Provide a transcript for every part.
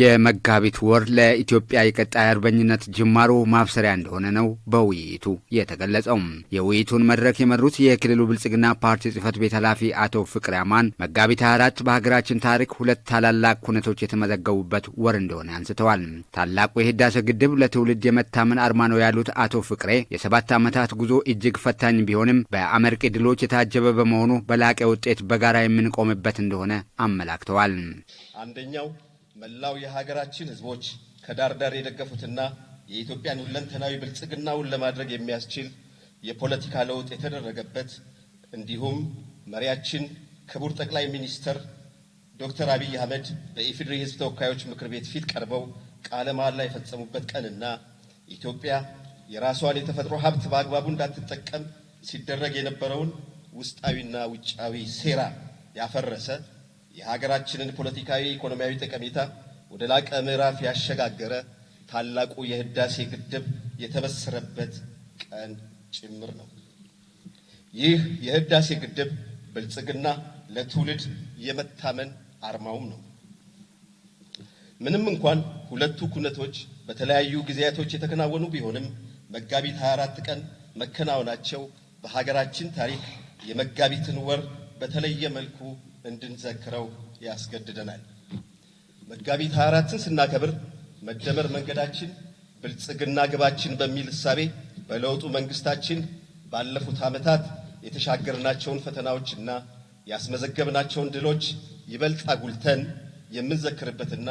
የመጋቢት ወር ለኢትዮጵያ የቀጣይ አርበኝነት ጅማሮ ማብሰሪያ እንደሆነ ነው በውይይቱ የተገለጸው። የውይይቱን መድረክ የመሩት የክልሉ ብልጽግና ፓርቲ ጽህፈት ቤት ኃላፊ አቶ ፍቅሬ አማን መጋቢት 24 በሀገራችን ታሪክ ሁለት ታላላቅ ኩነቶች የተመዘገቡበት ወር እንደሆነ አንስተዋል። ታላቁ የህዳሴ ግድብ ለትውልድ የመታመን አርማ ነው ያሉት አቶ ፍቅሬ የሰባት ዓመታት ጉዞ እጅግ ፈታኝ ቢሆንም በአመርቂ ድሎች የታጀበ በመሆኑ በላቀ ውጤት በጋራ የምንቆምበት እንደሆነ አመላክተዋል። አንደኛው መላው የሀገራችን ህዝቦች ከዳር ዳር የደገፉትና የኢትዮጵያን ሁለንተናዊ ብልጽግናውን ለማድረግ የሚያስችል የፖለቲካ ለውጥ የተደረገበት እንዲሁም መሪያችን ክቡር ጠቅላይ ሚኒስትር ዶክተር አብይ አህመድ በኢፌዴሪ ህዝብ ተወካዮች ምክር ቤት ፊት ቀርበው ቃለ መሃላ የፈጸሙበት ቀንና ኢትዮጵያ የራሷን የተፈጥሮ ሀብት በአግባቡ እንዳትጠቀም ሲደረግ የነበረውን ውስጣዊና ውጫዊ ሴራ ያፈረሰ የሀገራችንን ፖለቲካዊ፣ ኢኮኖሚያዊ ጠቀሜታ ወደ ላቀ ምዕራፍ ያሸጋገረ ታላቁ የህዳሴ ግድብ የተበሰረበት ቀን ጭምር ነው። ይህ የህዳሴ ግድብ ብልጽግና ለትውልድ የመታመን አርማውም ነው። ምንም እንኳን ሁለቱ ኩነቶች በተለያዩ ጊዜያቶች የተከናወኑ ቢሆንም መጋቢት 24 ቀን መከናወናቸው በሀገራችን ታሪክ የመጋቢትን ወር በተለየ መልኩ እንድንዘክረው ያስገድደናል። መጋቢት 24ን ስናከብር መደመር መንገዳችን ብልጽግና ግባችን በሚል እሳቤ በለውጡ መንግስታችን ባለፉት ዓመታት የተሻገርናቸውን ፈተናዎችና ያስመዘገብናቸውን ድሎች ይበልጥ አጉልተን የምንዘክርበትና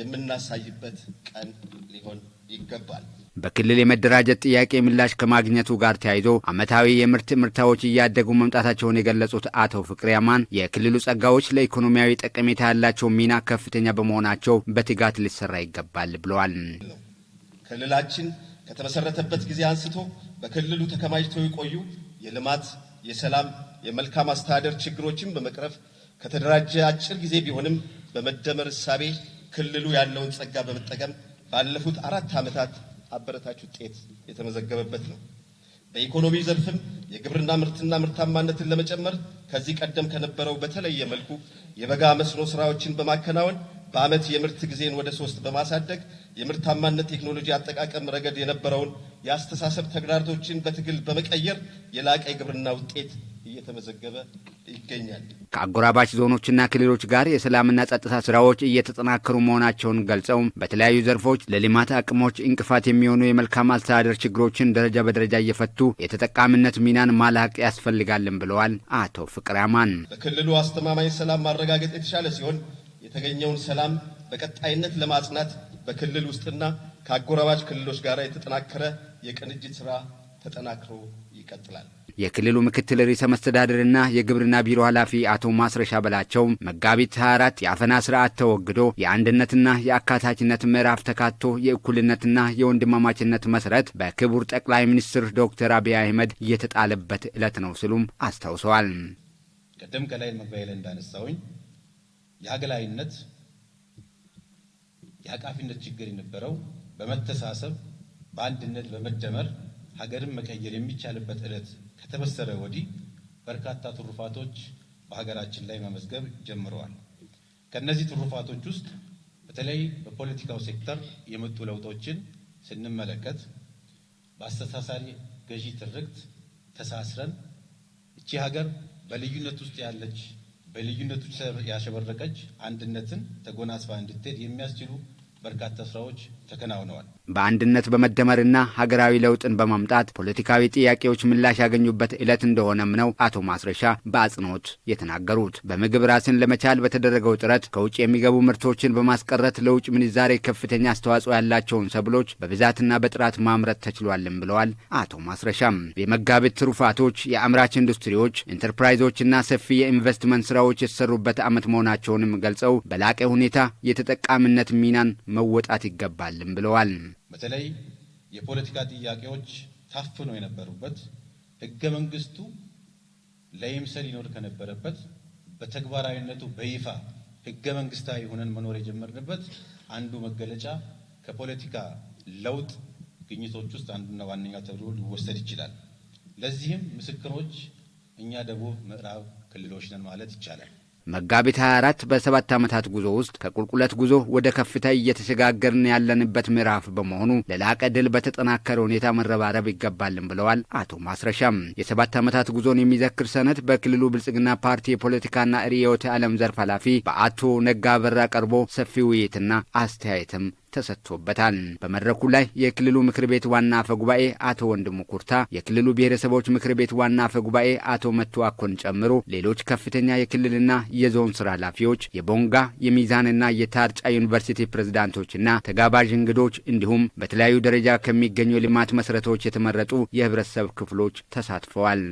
የምናሳይበት ቀን ሊሆን ይገባል። በክልል የመደራጀት ጥያቄ ምላሽ ከማግኘቱ ጋር ተያይዞ ዓመታዊ የምርት ምርታዎች እያደጉ መምጣታቸውን የገለጹት አቶ ፍቅሬ አማን የክልሉ ጸጋዎች ለኢኮኖሚያዊ ጠቀሜታ ያላቸው ሚና ከፍተኛ በመሆናቸው በትጋት ሊሰራ ይገባል ብለዋል። ክልላችን ከተመሰረተበት ጊዜ አንስቶ በክልሉ ተከማችተው የቆዩ የልማት፣ የሰላም፣ የመልካም አስተዳደር ችግሮችን በመቅረፍ ከተደራጀ አጭር ጊዜ ቢሆንም በመደመር እሳቤ ክልሉ ያለውን ጸጋ በመጠቀም ባለፉት አራት ዓመታት አበረታች ውጤት የተመዘገበበት ነው። በኢኮኖሚ ዘርፍም የግብርና ምርትና ምርታማነትን ለመጨመር ከዚህ ቀደም ከነበረው በተለየ መልኩ የበጋ መስኖ ስራዎችን በማከናወን በዓመት የምርት ጊዜን ወደ ሶስት በማሳደግ የምርታማነት ቴክኖሎጂ አጠቃቀም ረገድ የነበረውን የአስተሳሰብ ተግዳሮቶችን በትግል በመቀየር የላቀ የግብርና ውጤት እየተመዘገበ ይገኛል። ከአጎራባች ዞኖችና ክልሎች ጋር የሰላምና ጸጥታ ስራዎች እየተጠናከሩ መሆናቸውን ገልጸው በተለያዩ ዘርፎች ለልማት አቅሞች እንቅፋት የሚሆኑ የመልካም አስተዳደር ችግሮችን ደረጃ በደረጃ እየፈቱ የተጠቃሚነት ሚናን ማላቅ ያስፈልጋልን ብለዋል አቶ ፍቅር አማን። በክልሉ አስተማማኝ ሰላም ማረጋገጥ የተሻለ ሲሆን የተገኘውን ሰላም በቀጣይነት ለማጽናት በክልል ውስጥና ከአጎራባች ክልሎች ጋር የተጠናከረ የቅንጅት ስራ ተጠናክሮ ይቀጥላል። የክልሉ ምክትል ርዕሰ መስተዳድርና የግብርና ቢሮ ኃላፊ አቶ ማስረሻ በላቸው መጋቢት 24 የአፈና ስርዓት ተወግዶ የአንድነትና የአካታችነት ምዕራፍ ተካቶ የእኩልነትና የወንድማማችነት መሰረት በክቡር ጠቅላይ ሚኒስትር ዶክተር አብይ አህመድ እየተጣለበት ዕለት ነው ሲሉም አስታውሰዋል። ቅድም ከላይ መግቢያ ላይ እንዳነሳውኝ የአገላይነት የአቃፊነት ችግር የነበረው በመተሳሰብ በአንድነት በመደመር ሀገርን መቀየር የሚቻልበት ዕለት ከተበሰረ ወዲህ በርካታ ትሩፋቶች በሀገራችን ላይ መመዝገብ ጀምረዋል። ከእነዚህ ትሩፋቶች ውስጥ በተለይ በፖለቲካው ሴክተር የመጡ ለውጦችን ስንመለከት በአስተሳሳሪ ገዢ ትርክት ተሳስረን እቺ ሀገር በልዩነት ውስጥ ያለች በልዩነቱ ያሸበረቀች አንድነትን ተጎናጽፋ እንድትሄድ የሚያስችሉ በርካታ ስራዎች ተከናውነዋል። በአንድነት በመደመርና ሀገራዊ ለውጥን በማምጣት ፖለቲካዊ ጥያቄዎች ምላሽ ያገኙበት ዕለት እንደሆነም ነው አቶ ማስረሻ በአጽንኦት የተናገሩት። በምግብ ራስን ለመቻል በተደረገው ጥረት ከውጭ የሚገቡ ምርቶችን በማስቀረት ለውጭ ምንዛሬ ከፍተኛ አስተዋጽኦ ያላቸውን ሰብሎች በብዛትና በጥራት ማምረት ተችሏልም ብለዋል አቶ ማስረሻም። የመጋቢት ትሩፋቶች የአምራች ኢንዱስትሪዎች ኢንተርፕራይዞችና ሰፊ የኢንቨስትመንት ስራዎች የተሰሩበት ዓመት መሆናቸውንም ገልጸው በላቀ ሁኔታ የተጠቃሚነት ሚናን መወጣት ይገባል ይገባልም ብለዋል። በተለይ የፖለቲካ ጥያቄዎች ታፍነው የነበሩበት ህገ መንግስቱ ለይምሰል ይኖር ከነበረበት በተግባራዊነቱ በይፋ ህገ መንግስታዊ ሆነን መኖር የጀመርንበት አንዱ መገለጫ ከፖለቲካ ለውጥ ግኝቶች ውስጥ አንዱና ዋነኛው ተብሎ ሊወሰድ ይችላል። ለዚህም ምስክሮች እኛ ደቡብ ምዕራብ ክልሎች ነን ማለት ይቻላል። መጋቢት 24 በሰባት ዓመታት ጉዞ ውስጥ ከቁልቁለት ጉዞ ወደ ከፍታ እየተሸጋገርን ያለንበት ምዕራፍ በመሆኑ ለላቀ ድል በተጠናከረ ሁኔታ መረባረብ ይገባልን ብለዋል አቶ ማስረሻም። የሰባት ዓመታት ጉዞን የሚዘክር ሰነድ በክልሉ ብልጽግና ፓርቲ የፖለቲካና ርዕዮተ ዓለም ዘርፍ ኃላፊ በአቶ ነጋ በራ ቀርቦ ሰፊ ውይይትና አስተያየትም ተሰጥቶበታል። በመድረኩ ላይ የክልሉ ምክር ቤት ዋና አፈ ጉባኤ አቶ ወንድሙ ኩርታ፣ የክልሉ ብሔረሰቦች ምክር ቤት ዋና አፈ ጉባኤ አቶ መቱ አኮን ጨምሮ ሌሎች ከፍተኛ የክልልና የዞን ስራ ኃላፊዎች፣ የቦንጋ የሚዛንና የታርጫ ዩኒቨርሲቲ ፕሬዝዳንቶችና ተጋባዥ እንግዶች እንዲሁም በተለያዩ ደረጃ ከሚገኙ የልማት መሰረቶች የተመረጡ የህብረተሰብ ክፍሎች ተሳትፈዋል።